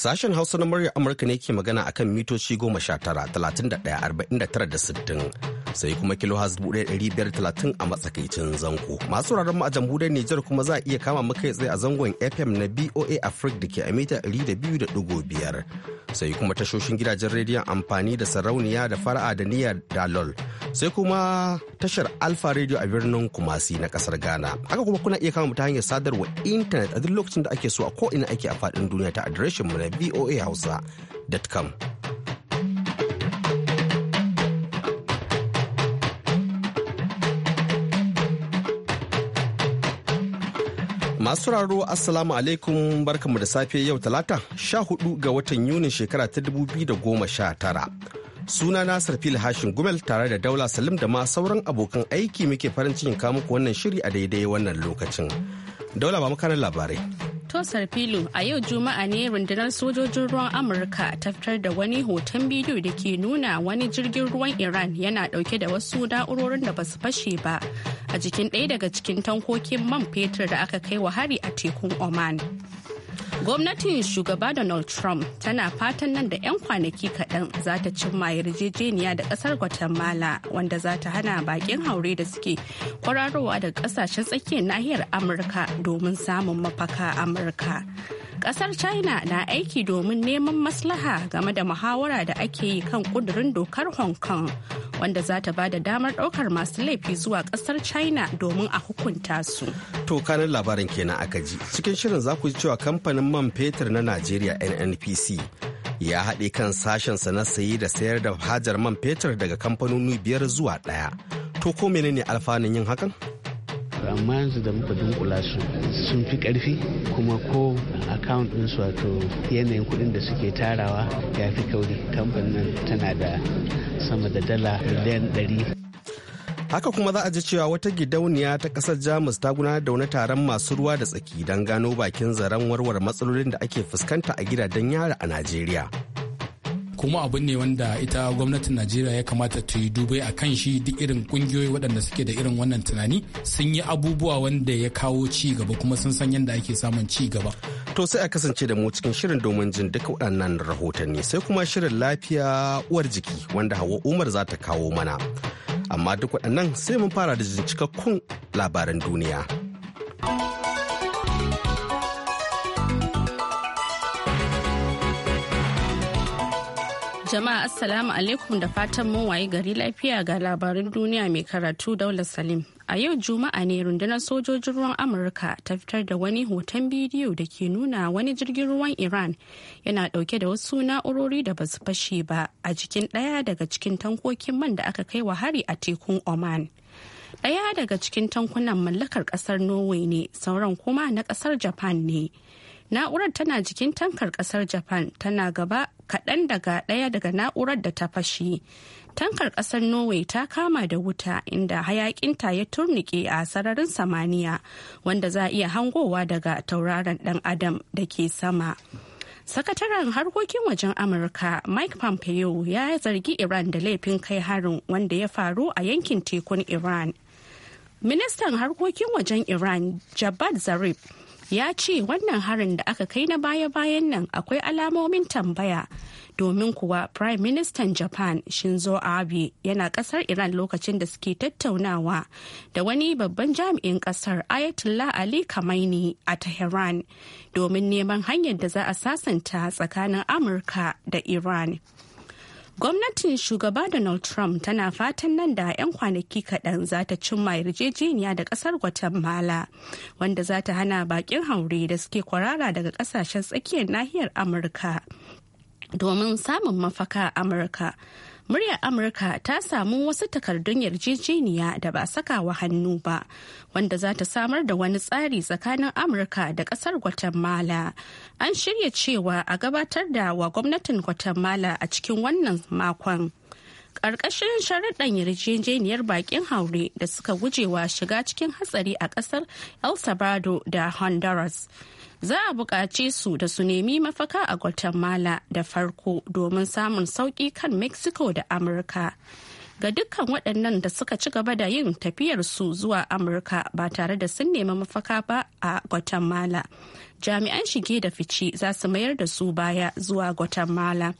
Sashen Hausa na murya Amurka ne ke magana akan mitoci goma sha tara, talatin da ɗaya, arba'in da tara da sittin. sai kuma kilo has 1530 a matsakaicin zango. Masu wuraren mu a jamhuriyar Nijar kuma za a iya kama mu kai tsaye a zangon FM na BOA Africa da ke a mita 200.5. Sai kuma tashoshin gidajen rediyon amfani da sarauniya da fara'a da niyyar dalol. Sai kuma tashar Alfa Radio a birnin Kumasi na kasar Ghana. Haka kuma kuna iya kama mu ta hanyar sadarwa intanet a duk lokacin da ake so a ko ina ake a faɗin duniya ta adireshin mu na voahausa.com. Masu raro Assalamu alaikum barkamu da safe yau talata sha hudu ga watan Yuni shekara ta dubu biyu da goma sha tara. Suna na Sarfil Hashin Gumel tare da Daula Salim da ma sauran abokan aiki muke farin cikin muku wannan shiri a daidai wannan lokacin. Daula ba makarar labarai. Tosar filo a yau Juma'a ne rundunar sojojin ruwan Amurka ta fitar da wani hoton bidiyo da ke nuna wani jirgin ruwan Iran yana dauke da wasu na'urorin da basu fashe ba a jikin ɗaya daga cikin tankokin man fetur da aka kai wa hari a tekun Oman. Gwamnatin shugaba Donald Trump tana fatan nan da 'yan kwanaki kaɗan za ta cimma yarjejeniya da ƙasar Guatemala wanda za ta hana baƙin haure da suke kwararowa daga ƙasashen tsakiyar nahiyar Amurka domin samun mafaka Amurka. Ƙasar china na aiki domin neman maslaha game da muhawara da ake yi kan ƙudurin dokar hong kong wanda za ta ba da damar ɗaukar masu laifi zuwa ƙasar china domin a hukunta su to kanin labarin kenan aka ji cikin shirin za ku ji cewa kamfanin man fetur na Najeriya NNPC ya haɗe kan sashensa na sayi da sayar da hajar man fetur daga kamfanoni biyar zuwa ɗaya. To ko menene alfanun yin hakan? amma yanzu da muka dunkula su sun fi karfi kuma ko account din su wato yanayin kuɗin da suke tarawa ya fi kauri kamfanin tana da sama da dala miliyan 100 haka kuma za a ji cewa wata gidauniya ta kasar jamus ta gudanar da wani taron masu ruwa da tsaki don gano bakin zaren warware matsalolin da ake fuskanta a gidajen yara a najeriya kuma abin ne wanda ita gwamnatin najeriya ya kamata ta yi dubai a kan shi duk irin kungiyoyi waɗanda suke da irin wannan tunani sun yi abubuwa wanda ya kawo ci gaba kuma sun san yadda ake samun ci gaba to sai a kasance da mu cikin shirin domin jin duk waɗannan rahotanni sai kuma shirin lafiya uwar jiki wanda hawa umar za ta kawo mana amma duk waɗannan sai mun fara da cikakkun labaran duniya. Jama'a Assalamu alaikum da fatan mun waye gari lafiya ga labarin duniya mai karatu daular Salim. A yau Juma'a ne rundunar sojojin ruwan Amurka ta fitar da wani hoton bidiyo da ke nuna wani jirgin ruwan Iran yana dauke da wasu na'urori da basu fashe ba a jikin ɗaya daga cikin tankokin man da aka kai wa hari a tekun Oman. Ɗaya daga cikin tankunan mallakar ƙasar Norway ne, sauran kuma na ƙasar Japan ne. na'urar tana jikin tankar kasar japan tana gaba kaɗan daga ɗaya daga na'urar da ta fashe tankar kasar norway ta kama da wuta inda hayakinta ya turnike a sararin samaniya wanda za a iya hangowa daga tauraron dan adam da ke sama sakataren harkokin wajen amurka mike pompeo ya zargi iran da laifin kai harin wanda ya faru a yankin tekun iran ministan harkokin wajen iran jabbat zarif ya ce wannan harin da aka kai na baya-bayan nan akwai alamomin tambaya domin kuwa prime minister japan shinzo abe yana kasar iran lokacin da suke tattaunawa da wani babban jami'in kasar ayatollah ali kamaini a tehran domin neman hanyar da za a sasanta tsakanin amurka da iran Gwamnatin shugaba Donald Trump tana fatan nan da 'yan kwanaki kaɗan za ta cimma yarjejeniya da ƙasar Guatemala wanda za ta hana baƙin haure da suke kwarara daga ƙasashen tsakiyar nahiyar Amurka domin samun mafaka a Amurka. muryar amurka ta samu wasu takardun yarjejeniya da ba saka wa hannu ba wanda za ta samar da wani tsari tsakanin amurka da kasar guatemala an shirya cewa a gabatar da wa gwamnatin guatemala a cikin wannan makon ƙarƙashin sharaɗan yarjejeniyar baƙin haure da suka gujewa shiga cikin hatsari a ƙasar el salvador da honduras za a buƙace su da su nemi mafaka a guatemala da farko domin samun sauƙi kan mexico da amurka ga dukkan waɗannan da suka ci gaba da yin tafiyarsu zuwa amurka ba tare da sun nemi mafaka ba a guatemala jami'an shige da fice za su mayar da su baya zuwa guatemala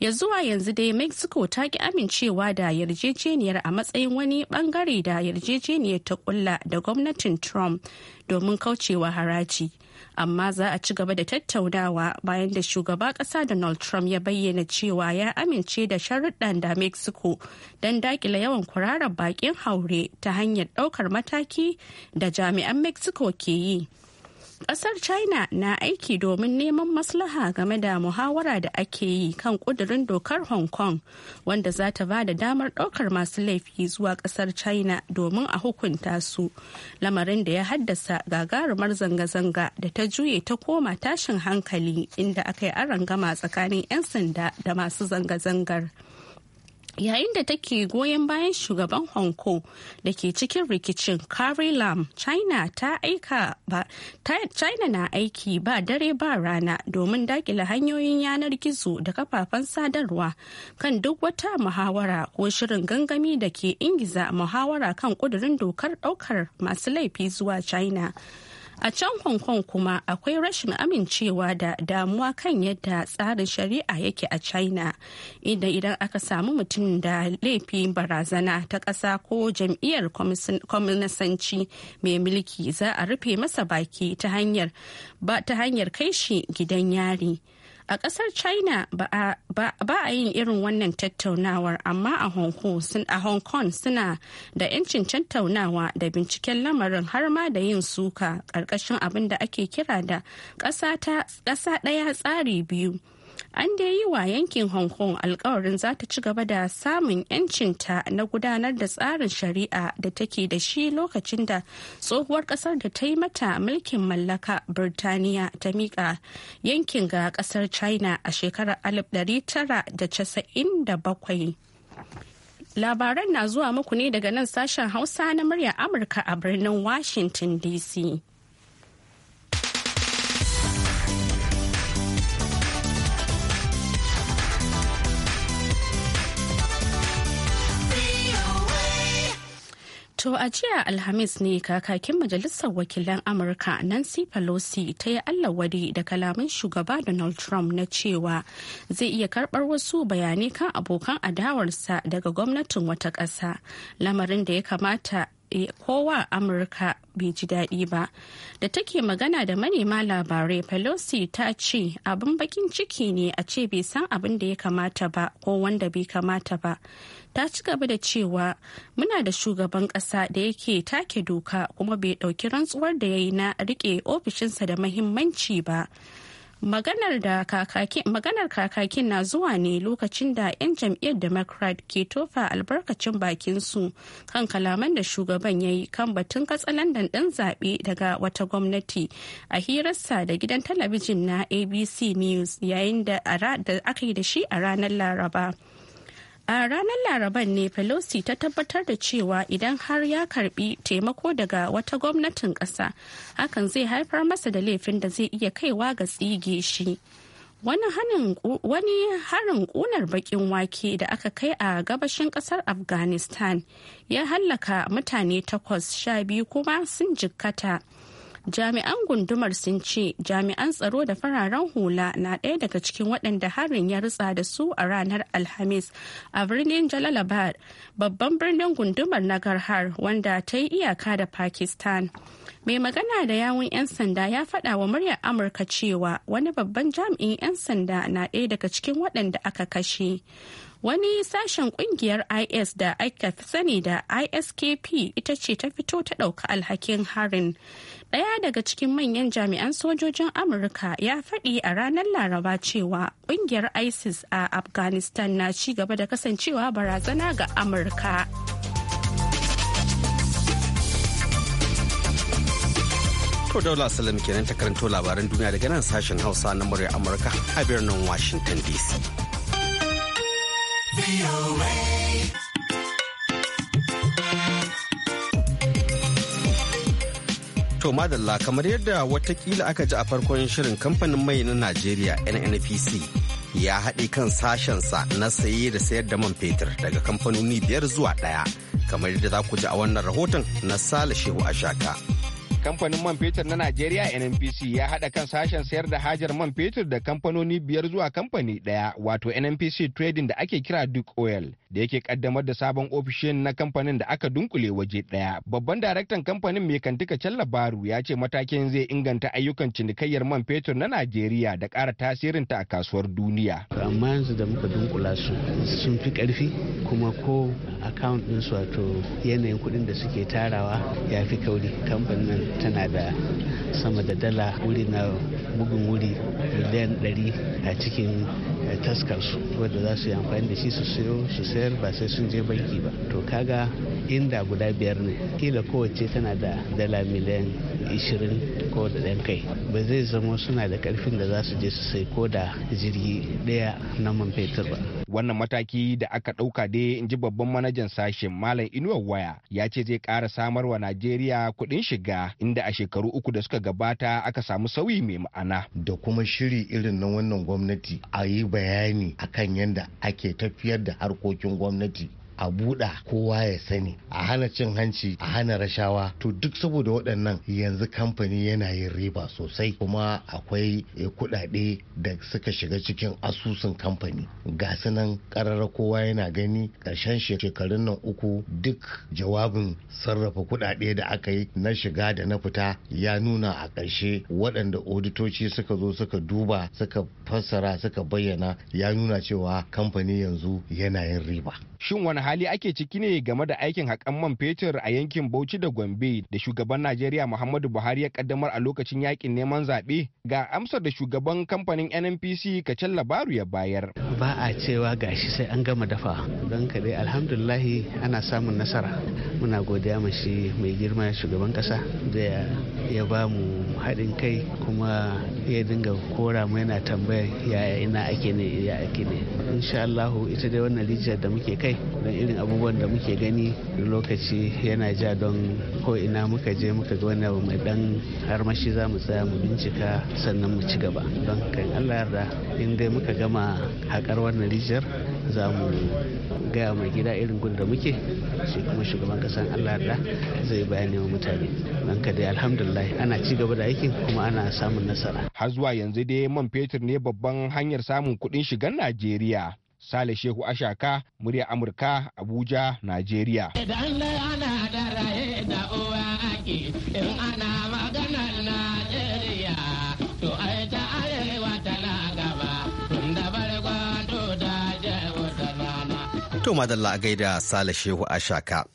ya zuwa yanzu dai mexico ta ki amincewa da yarjejeniyar a matsayin wani bangare da yarjejeniyar ta kulla da gwamnatin trump domin kaucewa haraji amma za a ci gaba da tattaunawa bayan da shugaba kasa Donald Trump ya bayyana cewa ya amince da sharuɗan da Mexico don dakila yawan kwararar baƙin haure ta hanyar ɗaukar mataki da jami'an Mexico ke yi. kasar china na aiki domin neman maslaha game da muhawara da ake yi kan kudurin dokar hong kong wanda za ta ba da damar daukar masu laifi zuwa kasar china domin a hukunta su lamarin da ya haddasa gagarumar zanga-zanga da ta juye ta koma tashin hankali inda aka yi gama tsakanin 'yan sanda da masu zanga-zangar. zanga zangar yayin da take goyon bayan shugaban hong kong da ke cikin rikicin carrie lam china ta aika ba china na aiki ba dare ba rana domin dakila hanyoyin yanar gizo da kafafen sadarwa kan duk wata muhawara ko shirin gangami da ke ingiza muhawara kan kudurin dokar daukar masu laifi zuwa china A can Hong Kong kuma akwai rashin amincewa da damuwa kan yadda tsarin shari'a yake a China, inda idan aka samu mutum da laifi barazana ta ƙasa ko jam'iyyar kwamnasanci mai mulki za a rufe masa baki ta hanyar kai shi gidan yari. A ƙasar China ba a yin irin wannan tattaunawar amma a Hong Kong suna da 'yancin tattaunawa da binciken lamarin har ma da yin suka ƙarƙashin abin da ake kira da ƙasa ɗaya tsari biyu. an da yi wa yankin hong kong alkawarin za ta ci gaba da samun 'yancinta na gudanar da tsarin shari'a da take da shi lokacin da tsohuwar kasar da ta yi mata mulkin mallaka birtaniya ta miƙa yankin ga kasar china a shekarar 1997 labaran na zuwa muku ne daga nan sashen hausa na murya amurka a birnin washington dc To a jiya Alhamis ne kakakin Majalisar Wakilan Amurka Nancy Pelosi ta yi allawari da kalaman shugaba Donald Trump na cewa zai iya karbar wasu bayanai kan abokan adawarsa daga gwamnatin wata ƙasa lamarin da ya kamata Eh, kowa amurka bai ji daɗi ba da take magana da manema labarai pelosi ta ce abin bakin ciki ne a ce bai san abin da ya kamata ba ko wanda bai kamata ba ta ci gaba da cewa muna da shugaban ƙasa da yake take doka kuma bai ɗauki rantsuwar da ya yi na riƙe ofishinsa da mahimmanci ba Maganar da kakakin na zuwa ne lokacin da 'yan jam'iyyar Democrat ke tofa albarkacin bakin su kan kalaman da shugaban ya yi kan batun katsalandan ɗin zaɓe daga wata gwamnati a hirarsa da gidan talabijin na ABC News yayin da aka yi da shi a ranar Laraba. a ranar laraban ne pelosi ta tabbatar da cewa idan har ya karbi taimako daga wata gwamnatin ƙasa hakan zai haifar masa da laifin da zai iya kaiwa ga tsige shi wani harin ƙunar bakin wake da aka kai a gabashin ƙasar afghanistan ya hallaka mutane takwas sha biyu kuma sun jikkata jami'an gundumar sun ce jami'an tsaro da fararen hula na ɗaya daga cikin waɗanda harin ya rutsa da su a ranar alhamis a birnin jalalabad babban birnin gundumar nagarhar wanda ta yi iyaka da pakistan mai magana da yawun 'yan sanda ya faɗa wa muryar amurka cewa wani babban jami'in 'yan sanda na ɗaya daga cikin waɗanda aka kashe wani sashen kungiyar is da aka fi sani da iskp ita ce ta fito ta ɗauka alhakin harin ɗaya daga cikin manyan jami'an sojojin amurka ya faɗi a ranar laraba cewa kungiyar isis a afghanistan na ci gaba da kasancewa barazana ga amurka To daula salam kenan ta karanto labaran duniya daga nan sashen hausa na murya amurka a birnin washington dc To madalla kamar yadda watakila aka ji a farkon shirin kamfanin mai na Najeriya NNPC ya haɗe kan sashensa na saye da sayar da man fetur daga kamfanoni biyar zuwa ɗaya kamar yadda za ku ji a wannan rahoton na Sale Shehu Ashaka. kamfanin man fetur na Najeriya NNPC ya haɗa kan sashen sayar da hajar man fetur da kamfanoni biyar zuwa kamfani ɗaya wato NNPC Trading da ake kira Duke Oil da yake kaddamar da sabon ofishin na kamfanin da aka dunkule waje ɗaya. Babban daraktan kamfanin mai kantika Labaru ya ce matakin zai inganta ayyukan cinikayyar man fetur na Najeriya da ƙara ta a kasuwar duniya. Amma yanzu da muka dunkula su sun fi ƙarfi kuma ko account ɗinsu wato yanayin kuɗin da suke tarawa ya fi kauri kamfanin tana da sama da dala wuri na bugun wuri miliyan 100 a cikin eh, taskarsu wadda za su yi amfani da shi su sayo su sayar ba sai sun je banki ba to kaga inda guda biyar ne kila kowace tana da dala miliyan 20 ko da ɗan kai ba zai zama suna da karfin da za su je su sai ko da jirgi ɗaya na man fetur ba wannan mataki da aka ɗauka dai in ji babban manajan sashen malam inuwar waya ya ce zai ƙara samarwa najeriya kuɗin shiga inda a shekaru uku da suka gabata aka samu sauyi mai ma'ana da kuma shiri irin na wannan gwamnati a yi bayani akan yadda ake tafiyar da harkokin gwamnati a buɗa kowa ya sani a hana cin hanci a hana rashawa to duk saboda waɗannan yanzu kamfani yana yin riba sosai kuma akwai eh, kuɗaɗe da suka shiga cikin asusun kamfani ga sunan ƙarar kowa yana gani ƙarshen shekarun nan uku duk jawabin sarrafa kuɗaɗe da aka yi na shiga da na fita ya nuna a ƙarshe waɗanda oditoci suka zo suka duba suka fassara suka bayyana ya nuna cewa kamfani yanzu yana yin riba shin wani hali ake ciki ne game da aikin haƙan man fetur a yankin Bauchi da Gombe da shugaban Najeriya Muhammadu Buhari ya kaddamar a lokacin yakin neman zaɓe ga amsar da shugaban kamfanin NNPC Kacel Labaru ya bayar. Ba a cewa gashi sai an gama dafa don ka dai alhamdulillahi ana samun nasara. Muna godiya ma shi mai girma shugaban ƙasa da ya ba mu haɗin kai kuma ya dinga kora mu yana tambayar yaya ina ake ne ya ake ne. Insha Allahu ita dai wannan rijiyar da muke kai irin abubuwan da muke gani lokaci yana ja don ko ina muka je muka ga wani abu mai dan harmashi za mu tsaya mu bincika sannan mu ci gaba don kan allah yarda in dai muka gama haƙar wannan rijiyar za mu gaya mai gida irin gun da muke shi kuma shugaban kasan allah yarda zai bayani wa mutane don ka dai alhamdulillah ana ci gaba da aikin kuma ana samun nasara har zuwa yanzu dai man fetur ne babban hanyar samun kuɗin shigan najeriya Sale Shehu Ashaka, murya Amurka, Abuja, Najeriya. Idan ana da raye da uwa ake, in ana maganar Najeriya, to ai ta arewa tana gaba, tunda bargwado da jawo da rana. To madalla a gaida Sale Shehu Ashaka.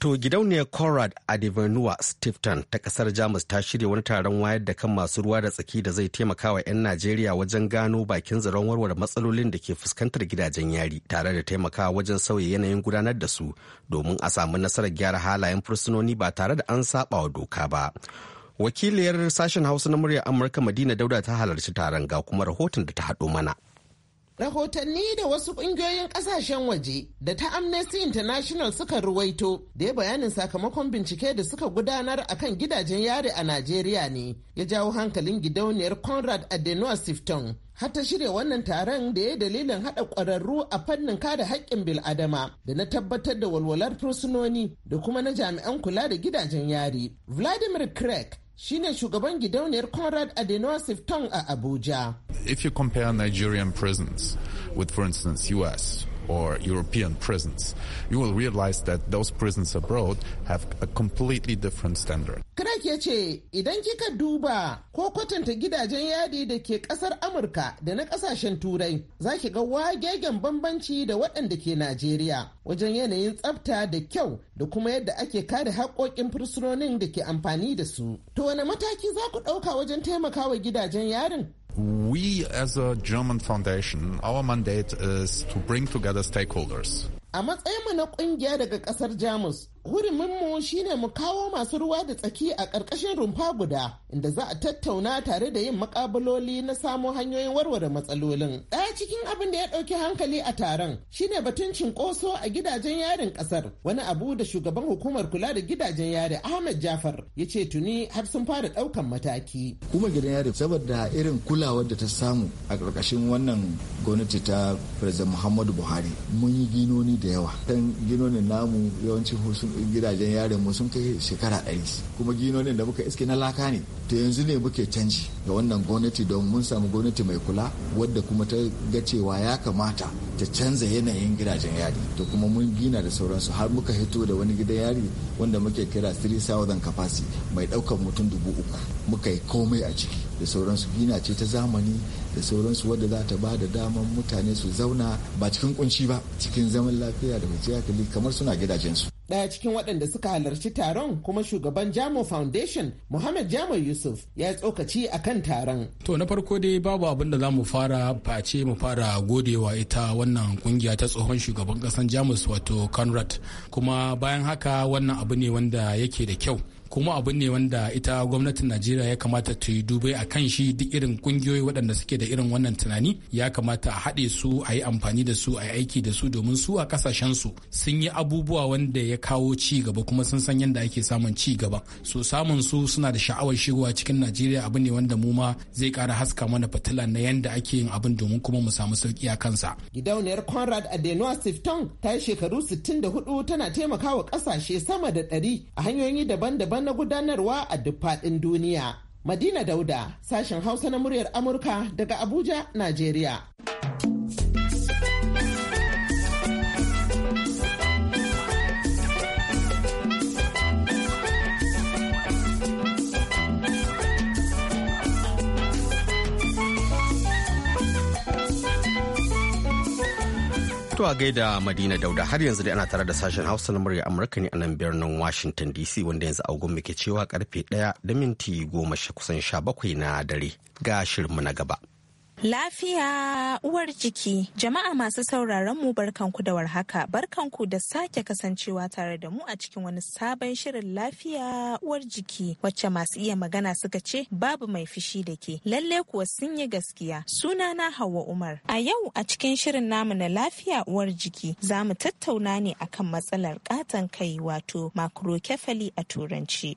To gidauniyar Conrad Adevenua Stifton ta kasar Jamus ta shirya wani taron wayar da kan masu ruwa da tsaki da zai taimaka wa 'yan Najeriya wajen gano bakin zaron warware matsalolin da ke fuskantar gidajen yari tare da taimakawa wajen sauya yanayin gudanar da su domin a samu nasarar gyara halayen fursunoni ba tare da an saba wa doka ba. Wakiliyar sashen Hausa na muryar Amurka Madina Dauda ta halarci taron ga kuma rahoton da ta haɗo mana. Rahotanni da wasu ƙungiyoyin ƙasashen waje da ta Amnesty International suka ruwaito da ya bayanin sakamakon bincike da suka gudanar a kan gidajen yare a Najeriya ne ya jawo hankalin gidauniyar Conrad Adenoa Sifton. Har ta shirya wannan taron da ya dalilin haɗa ƙwararru a fannin kada haƙƙin bil'adama da na tabbatar da walwalar fursunoni da kuma na jami'an kula da gidajen yari. Vladimir Craig shine shugaban gidauniyar Conrad Adenoa sifton a Abuja. If you compare Nigerian prisons with, for instance, US, or European prisons, you will realize that those prisons abroad have a completely different standard. Craig ya ce idan kika duba ko kwatanta gidajen yadi da ke kasar Amurka da na kasashen Turai za ki ga wagegen bambanci da waɗanda ke Najeriya wajen yanayin tsafta da kyau da kuma yadda ake kare haƙoƙin fursunonin da ke amfani da su. To wane mataki za ku ɗauka wajen taimakawa gidajen yarin? We, as a German foundation, our mandate is to bring together stakeholders. A matsayinmu na kungiya daga kasar Jamus, Huruminmu shine mu kawo masu ruwa da tsaki a ƙarƙashin rumfa guda inda za a tattauna tare da yin makabaloli na samo hanyoyin warware matsalolin. Ɗaya cikin abin da ya ɗauki hankali a taron shine batun cinkoso a gidajen yarin ƙasar wani abu da shugaban hukumar kula da gidajen yari Ahmed Jafar ya ce tuni har sun fara ɗaukan mataki. Kuma gidan yari saboda irin kulawar da ta samu a ƙarƙashin wannan gwamnati ta Firzan Muhammadu Buhari mun yi ginoni da yawa. Dan ginonin namu yawancin gidajen yarin mu sun kai shekara ɗari kuma ginonin da muka iske na laka ne to yanzu ne muke canji da wannan gwamnati don mun samu gwamnati mai kula wadda kuma ta ga cewa ya kamata ta canza yanayin gidajen yari to kuma mun gina da sauransu har muka hito da wani gidan yari wanda muke kira 3000 capacity mai ɗaukar mutum dubu uku muka yi komai a ciki da sauransu gina ce ta zamani da sauransu wadda za ta ba da daman mutane su zauna ba cikin kunci ba cikin zaman lafiya da kwanciyar hankali kamar suna gidajensu. Daya cikin waɗanda suka halarci taron kuma shugaban Jamo Foundation Muhammad Jamo Yusuf ya tsokaci a kan taron. To na farko dai babu abin da za mu fara face mu fara godewa ita wannan kungiya ta tsohon shugaban ƙasan Jamus wato Conrad kuma bayan haka wannan abu ne wanda yake da kyau. kuma abu ne wanda ita gwamnatin najeriya ya kamata ta yi dubai a kan shi duk irin kungiyoyi waɗanda suke da irin wannan tunani ya kamata a haɗe su a yi amfani da su a yi aiki da su domin su a kasashen su sun yi abubuwa wanda ya kawo ci gaba kuma sun san yadda ake samun ci gaba so samun su suna da sha'awar shigowa cikin najeriya abu ne wanda mu ma zai ƙara haska mana fitila na yadda ake yin abin domin kuma mu samu sauki a kansa gidauniyar conrad adenoa sifton ta yi shekaru 64 tana taimakawa ƙasashe sama da ɗari a hanyoyi daban-daban daban na gudanarwa a duk faɗin duniya. Madina Dauda, sashen Hausa na muryar Amurka daga Abuja, Najeriya. To a gaida Madina Dauda har yanzu dai ana tare da sashen Hausa na murya Amurka ne a nan birnin Washington DC wanda yanzu agon muke cewa karfe 1 da minti goma kusan 17 na dare ga shirinmu na gaba. Lafiya uwar jiki, jama'a masu sauraron mu barkanku da warhaka, barkanku da sake kasancewa tare da mu a cikin wani sabon shirin lafiya uwar jiki wacce masu iya magana suka ce babu mai fishi da ke. Lalle kuwa sun yi gaskiya. suna na Hauwa Umar. A yau a cikin shirin namu na lafiya uwar jiki za mu tattauna ne akan matsalar katon kai wato macrocephaly a turanci.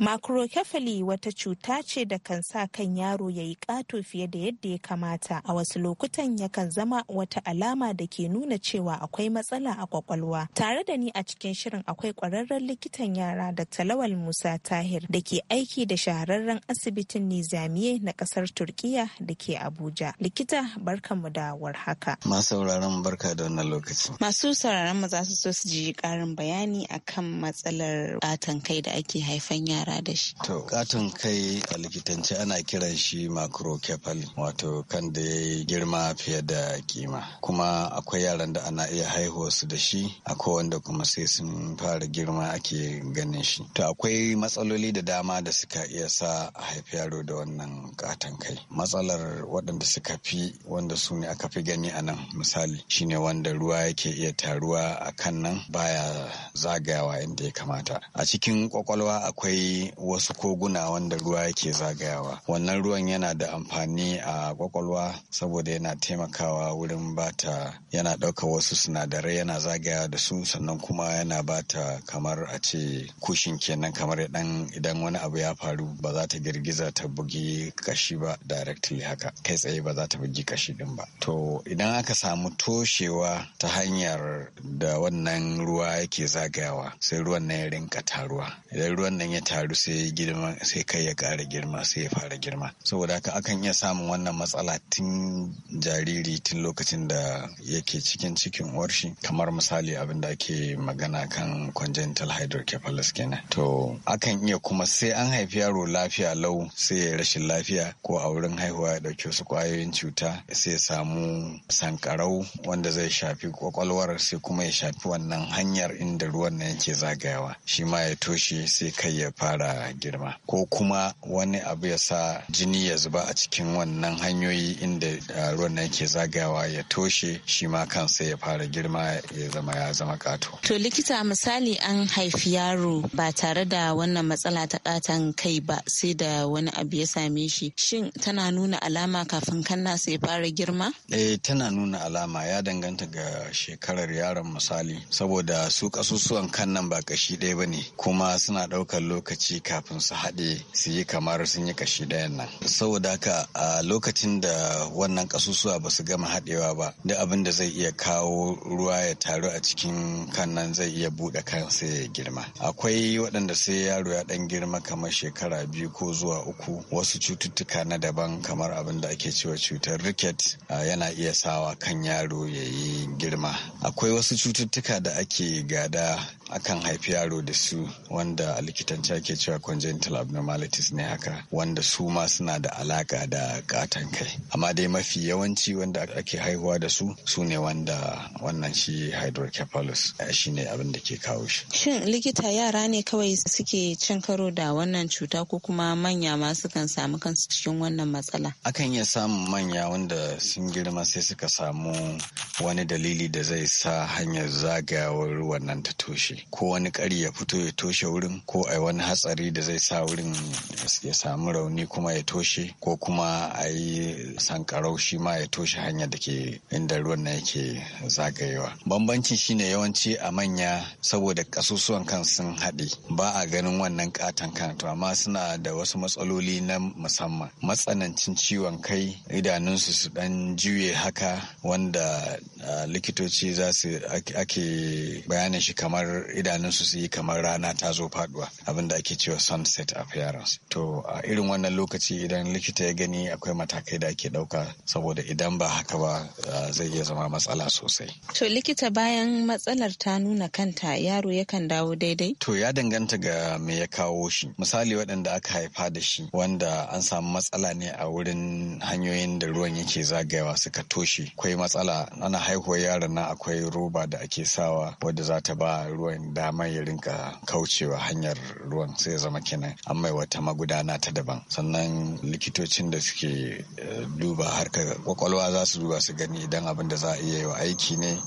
Macrocephaly wata cuta ce da kan sa kan yaro ya yi ƙato fiye da yadda ya kamata. A wasu lokutan yakan zama wata alama da ke nuna cewa akwai matsala a kwakwalwa. Tare da ni a cikin shirin akwai ƙwararren likitan yara da Talawal Musa Tahir da ke aiki da shahararren asibitin Nizamiye na ƙasar Turkiya da ke Abuja. Likita barkanmu da warhaka. Masu sauraron barka da wannan lokaci. Masu sauraron mu za su so su ji ƙarin bayani akan matsalar ƙatan kai da ake haifan yara. yara da shi. To, katon kai a likitance ana kiran shi macrocephaly wato kan da ya yi girma fiye da kima. Kuma akwai yaran da ana iya haihuwa su da shi, akwai wanda kuma sai sun fara girma ake ganin shi. To, akwai matsaloli da dama da suka iya sa a haifi yaro da wannan katon kai. Matsalar waɗanda suka fi wanda su ne aka fi gani a nan misali shine wanda ruwa yake iya taruwa a kan nan baya zagayawa inda ya kamata. A cikin kwakwalwa akwai wasu koguna wanda ruwa yake zagayawa wannan ruwan yana da amfani a kwakwalwa saboda yana taimakawa wurin bata yana ɗauka wasu sinadarai yana zagayawa da su sannan kuma yana bata kamar a ce kushin kenan kamar idan idan wani abu ya faru ba za ta girgiza ta bugi kashi ba directly haka kai tsaye ba za ta bugi kashi din ba to idan aka samu toshewa ta hanyar da wannan ruwa yake zagayawa sai ruwan nan ya rinka taruwa idan ruwan nan ya taru karu sai girma sai kai ya kara girma sai ya fara girma saboda haka akan iya samun wannan matsala tun jariri tun lokacin da yake cikin cikin uwar kamar misali abin da ake magana kan congenital hydrocephalus kenan to akan iya kuma sai an haifi yaro lafiya lau sai ya rashin lafiya ko a wurin haihuwa ya ɗauki wasu kwayoyin cuta sai ya samu sankarau wanda zai shafi kwakwalwar sai kuma ya shafi wannan hanyar inda ruwan nan yake zagayawa shi ma ya toshe sai kai ya fara ƙara girma ko kuma wani abu ya sa jini ya zuba a cikin wannan hanyoyi inda uh, ruwan nan ke zagayawa ya toshe shi ma kansa ya fara girma ya zama ya zama kato To likita misali an haifi yaro ba tare da wannan matsala ta ƙatan kai ba sai da wani abu ya same shi shin tana nuna alama kafin kanna sai fara girma? Eh tana nuna alama ya danganta ga shekarar yaron misali saboda su kasusuwan kannan ba kashi ɗaya ba ne kuma suna ɗaukar lokaci lokaci kafin su haɗe su yi kamar sun yi kashi ɗayan nan saboda haka a lokacin da wannan kasusuwa ba su gama haɗewa ba duk abin da zai iya kawo ruwa ya taru a cikin kan nan zai iya buɗe kansa ya girma akwai waɗanda sai yaro ya ɗan girma kamar shekara biyu ko zuwa uku wasu cututtuka na daban kamar abin da ake cewa cutar riket yana iya sawa kan yaro ya yi girma akwai wasu cututtuka da ake gada akan haifi yaro da su wanda a likitance ake cewa congenital abnormalities ne haka wanda su ma suna da alaka da katon kai amma dai mafi yawanci wanda ake haihuwa da su su ne wanda wannan shi hydrocephalus eh, shi ne abin da ke kawo shi shin likita yara ne kawai suke cin karo da wannan cuta ko kuma manya ma sukan samu kansu cikin wannan matsala akan iya samun manya wanda sun girma sai suka samu wani dalili da zai sa hanyar zagayawar wannan ta toshe ko wani kari ya fito ya toshe wurin ko a wani hatsari da zai sa wurin ya samu rauni kuma ya toshe ko kuma a yi sankarau shi ma ya toshe hanyar da ke inda ruwan na yake zagayewa bambanci shine yawanci a manya saboda kasusuwan kan sun haɗe ba a ganin wannan katon kan to amma suna da wasu matsaloli na musamman matsanancin ciwon kai idanunsu su dan juye haka wanda likitoci za su ake bayanin shi kamar idanunsu su yi kamar rana ta zo faduwa abinda ake ake cewa sunset appearance to a irin wannan lokaci idan likita ya gani akwai matakai da ake ɗauka saboda idan ba haka ba zai iya zama matsala sosai to likita bayan matsalar ta nuna kanta yaro yakan dawo daidai to ya danganta ga me ya kawo shi misali waɗanda aka haifa da shi wanda an samu matsala ne a wurin hanyoyin da ruwan yake zagayawa suka toshe akwai matsala ana haihuwar yaron nan akwai roba da ake sawa wadda za ta ba ruwan dama ya rinka kaucewa hanyar ruwan sai ya zama kenan an mai wata magudana ta daban sannan likitocin da suke eh, duba harkar kwakwalwa za su duba su gani idan abin da za a iya yi wa aiki ne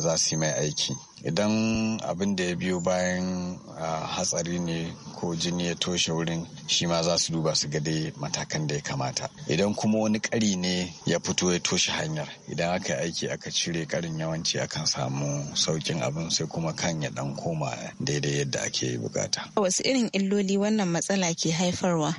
za su yi mai aiki idan abin da ya biyo bayan hatsari ne ko jini ya toshe wurin shi ma za su duba su ga matakan da ya kamata idan kuma wani kari ne ya fito ya toshe hanyar idan aka yi aiki aka cire karin yawanci akan samu saukin abin sai kuma kan ya dan koma daidai yadda ake bukata wasu irin illoli wannan matsala ke haifarwa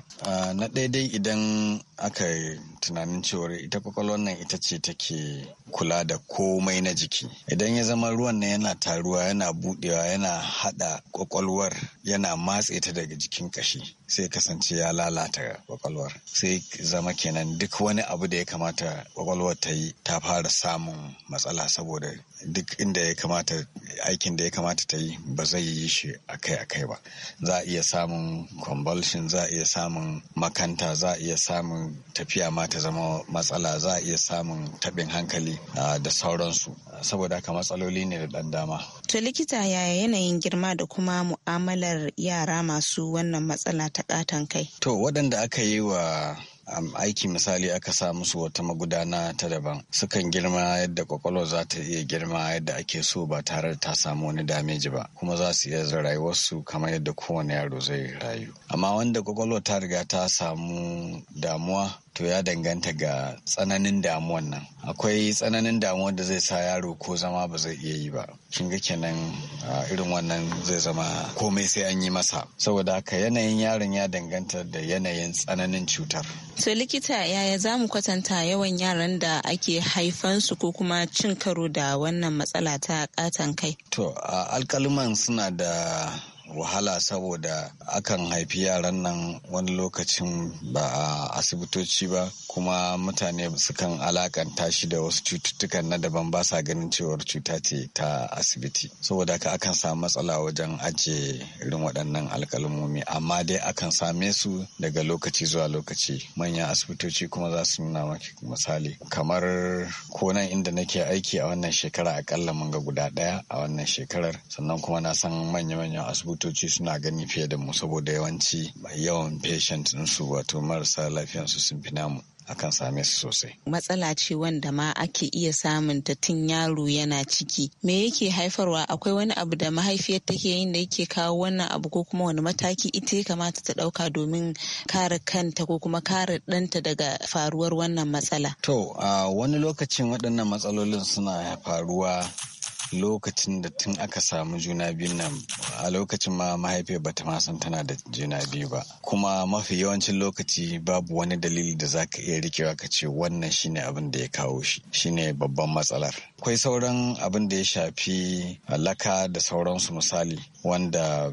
na daidai idan aka tunanin cewar ita kwakwalwar nan ita ce take kula da komai na jiki idan ya zama ruwan nan yana ta ruwa yana budewa yana hada kwakwalwar yana matse ta daga jikin kashi sai kasance ya lalata kwakwalwar sai zama kenan duk wani abu da ya kamata kwakwalwar ta yi ta fara samun matsala saboda duk inda ya kamata aikin da ya kamata ta yi ba zai yi shi akai-akai ba za a iya samun convulsion za a iya samun makanta za a iya samun tafiya ma ta zama matsala za a iya samun taɓin hankali da sauransu saboda haka matsaloli ne da ɗan dama. to likita yaya yanayin girma da kuma mu'amalar lafiyar yara masu wannan matsala ta katon kai? To waɗanda aka yi wa um, aiki misali aka sa musu wata magudana ta daban sukan girma yadda kwakwalwa za ta iya girma yadda ake so ba tare da ta samu wani dameji ba kuma za su iya rayuwarsu kamar yadda kowane yaro zai rayu amma wanda kwakwalwa ta riga ta samu damuwa to ya danganta ga tsananin damuwan nan akwai tsananin damuwar da zai sa yaro ko zama ba zai iya yi ba kin ga kenan irin wannan zai zama komai sai an yi masa saboda haka yanayin yaron ya danganta da yanayin tsananin cutar to likita yaya za mu kwatanta yawan yaran da ake haifan su ko kuma cin karo da wannan matsala ta katan kai to alkaliman suna da wahala saboda akan haifi yaran nan wani lokacin ba a asibitoci ba kuma mutane sukan alakanta shi da wasu cututtukan na daban ba sa ganin cewar cuta ce ta asibiti saboda haka akan samu matsala wajen ajiye irin waɗannan alkalmomi amma dai akan same su daga lokaci zuwa lokaci manyan asibitoci kuma za su nuna maki misali kamar ko inda nake aiki a wannan shekara akalla mun ga guda ɗaya a wannan shekarar sannan kuma na san manya-manyan asibitoci suna gani fiye da mu saboda yawanci yawan patient ɗinsu wato marasa lafiyansu sun fi namu akan same su sosai. Matsala ce wanda ma ake iya samun ta tun yaro yana ciki. Me yake haifarwa akwai wani abu da mahaifiyar take yin da yake kawo wannan abu ko kuma wani mataki ita ya kamata ta ɗauka domin kare kanta ko kuma kare ɗanta daga faruwar wannan matsala. To a wani lokacin waɗannan matsalolin suna faruwa lokacin da tun aka samu juna biyun nan a lokacin ma mahaifiyar bata ma san tana da juna biyu ba kuma mafi yawancin lokaci babu wani dalili da za ka iya rikewa ka ce wannan shine abin da ya kawo shi shine babban matsalar akwai sauran abin da ya shafi laka da sauransu misali wanda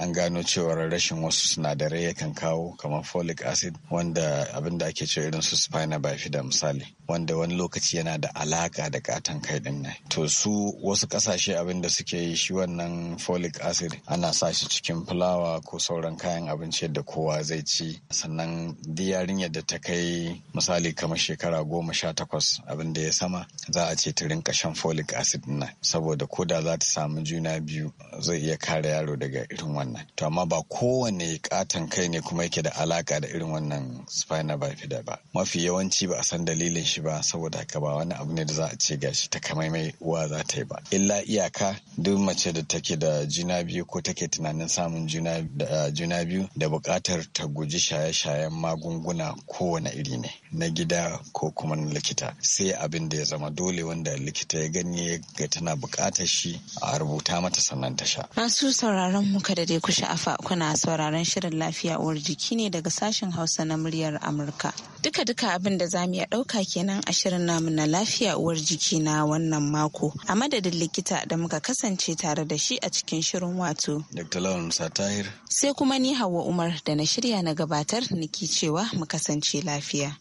an gano cewar rashin wasu sinadarai yakan kawo kamar folic acid wanda abin da ake cewa irin su spina da misali wanda wani lokaci yana da alaka da katon kai din nan to su wasu kasashe abin da suke yi shi wannan folic acid ana sa shi cikin fulawa ko sauran kayan abinci da kowa zai ci sannan yarinyar da ta kai misali kamar shekara goma sha takwas abin da ya sama za a ce ta rinka shan folic acid na saboda koda za ta samu juna biyu zai iya kare yaro daga irin wannan to amma ba kowane katon kai ne kuma yake da alaka da irin wannan spina bifida ba mafi yawanci ba a san dalilin shi ba saboda haka ba wani abu ne da za a ce gashi ta mai uwa za ta yi ba illa iyaka duk mace da take da juna biyu ko take tunanin samun juna biyu da buƙatar ta guji shaye-shayen magunguna kowane iri ne na gida ko kuma na likita sai abin da ya zama dole wanda likita ya gani ga tana bukatar shi a rubuta mata sannan ta sha. Masu sauraron muka da dai ku sha'afa kuna sauraron shirin lafiya uwar jiki ne daga sashen Hausa na muryar Amurka. Duka-duka abin da za mu iya ɗauka kenan a shirin namu na lafiya uwar jiki na wannan mako. A madadin likita da muka kasance tare da shi a cikin shirin wato. Dr. Lawan Musa Tahir. Sai kuma ni Hauwa Umar da na shirya na gabatar niki cewa mu kasance lafiya.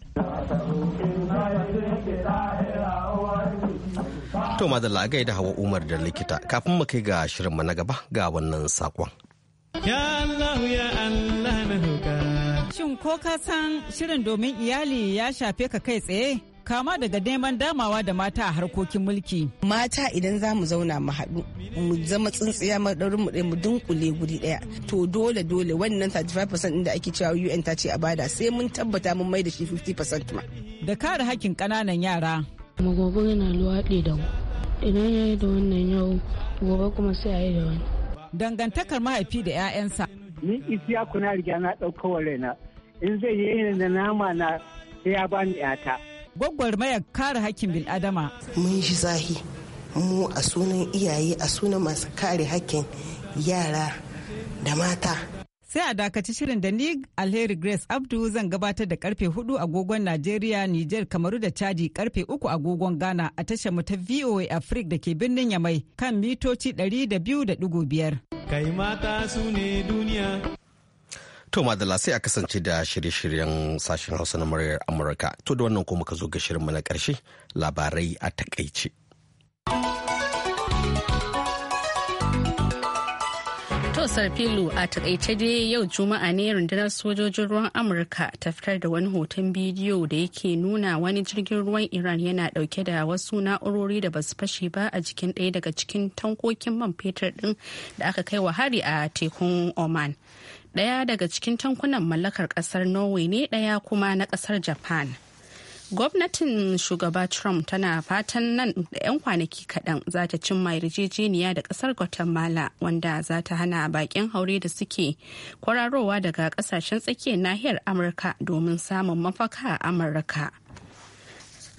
To madalla gai da hawa Umar da likita kafin mu kai ga mu na gaba ga wannan sakon. Ya Allah ya Allah na huka. Shin ko ka san shirin domin iyali ya shafe ka kai tsaye? kama daga neman damawa da mata a harkokin mulki. Mata idan za mu zauna mu haɗu mu zama tsintsiya maɗaurin mu mu dunkule guri ɗaya. To dole dole wannan 35% da ake cewa UN ta ce a bada sai mun tabbata mun mai da shi 50% ma. Da kare haƙƙin ƙananan yara. magogoro yana luwaɗe da mu. idan ya yi da wannan yau gobe kuma sai a yi da wani. dangantakar mahaifi da 'ya'yansa ni isiya kuna riga na ɗaukowar raina in zai yi da nama na sai ya bani 'yata gwagwarmayar kare hakkin adama. mun shi zahi mu a sunan iyaye a sunan masu kare hakkin yara da mata sai a dakaci shirin da ni alheri grace abdu zan gabatar da karfe 4 agogon nigeria niger kamaru da chadi karfe 3 agogon ghana a tashar mu ta voa africa da ke birnin yamai kan mitoci 200.5 kai mata su ne duniya to madalla sai a kasance da shirye-shiryen sashen hausa na muryar amurka to da wannan kuma ka zo ga shirinmu na karshe labarai a takaice. tosar filo a takaice dai yau juma'a ne rundunar sojojin ruwan amurka ta fitar da wani hoton bidiyo da yake nuna wani jirgin ruwan iran yana dauke da wasu na'urori da basu fashe ba a jikin ɗaya daga cikin tankokin man fetur ɗin da aka kai wa hari a tekun oman ɗaya daga cikin tankunan mallakar ƙasar norway ne ɗaya kuma na ƙasar japan gwamnatin shugaba trump tana fatan nan da 'yan kwanaki kaɗan za ta cimma yarjejeniya da ƙasar guatemala wanda za ta hana baƙin haure da suke kwararowa daga ƙasashen tsakiyar nahiyar amurka domin samun mafaka a amurka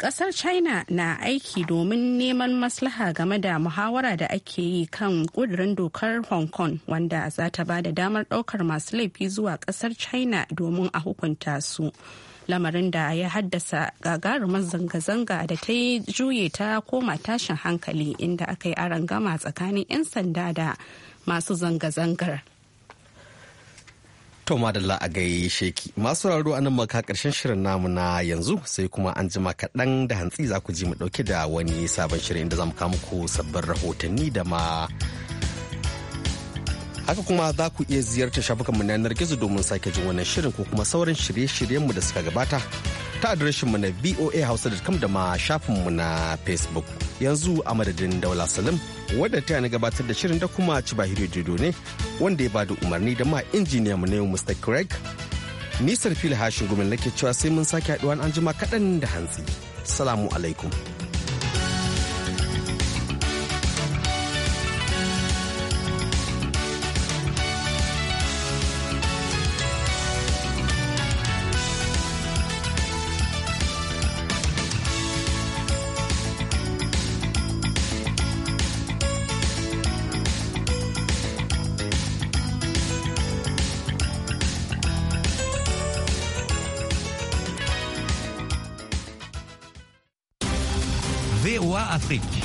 ƙasar china na aiki domin neman maslaha game da muhawara da ake yi kan kudirin dokar hong kong wanda za ta ba da damar daukar masu laifi zuwa ƙasar china domin a hukunta su lamarin da ya haddasa gagarumar zanga-zanga da ta yi juye ta koma tashin hankali inda aka yi gama tsakanin 'yan sanda da masu zanga-zangar. To da la'agai sheki masu raro nan maka karshen shirin namu na yanzu sai kuma an jima kaɗan da hantsi za ku ji mu ɗauke da wani sabon shirin inda zamu kawo muku sabbin rahotanni da ma haka kuma za ku iya ziyartar shafukanmu na yanar gizo domin sake jin wannan shirin ko kuma sauran shirye-shiryenmu da suka gabata ta adireshinmu na voahausa.com da ma shafinmu na facebook yanzu a madadin daula salim wadda ta na gabatar da shirin da kuma cibahiro dido ne wanda ya bada umarni da ma injiniya mu na yau mr craig nisar fili hashin gumin nake cewa sai mun sake haɗuwa an jima kaɗan da hantsi salamu alaikum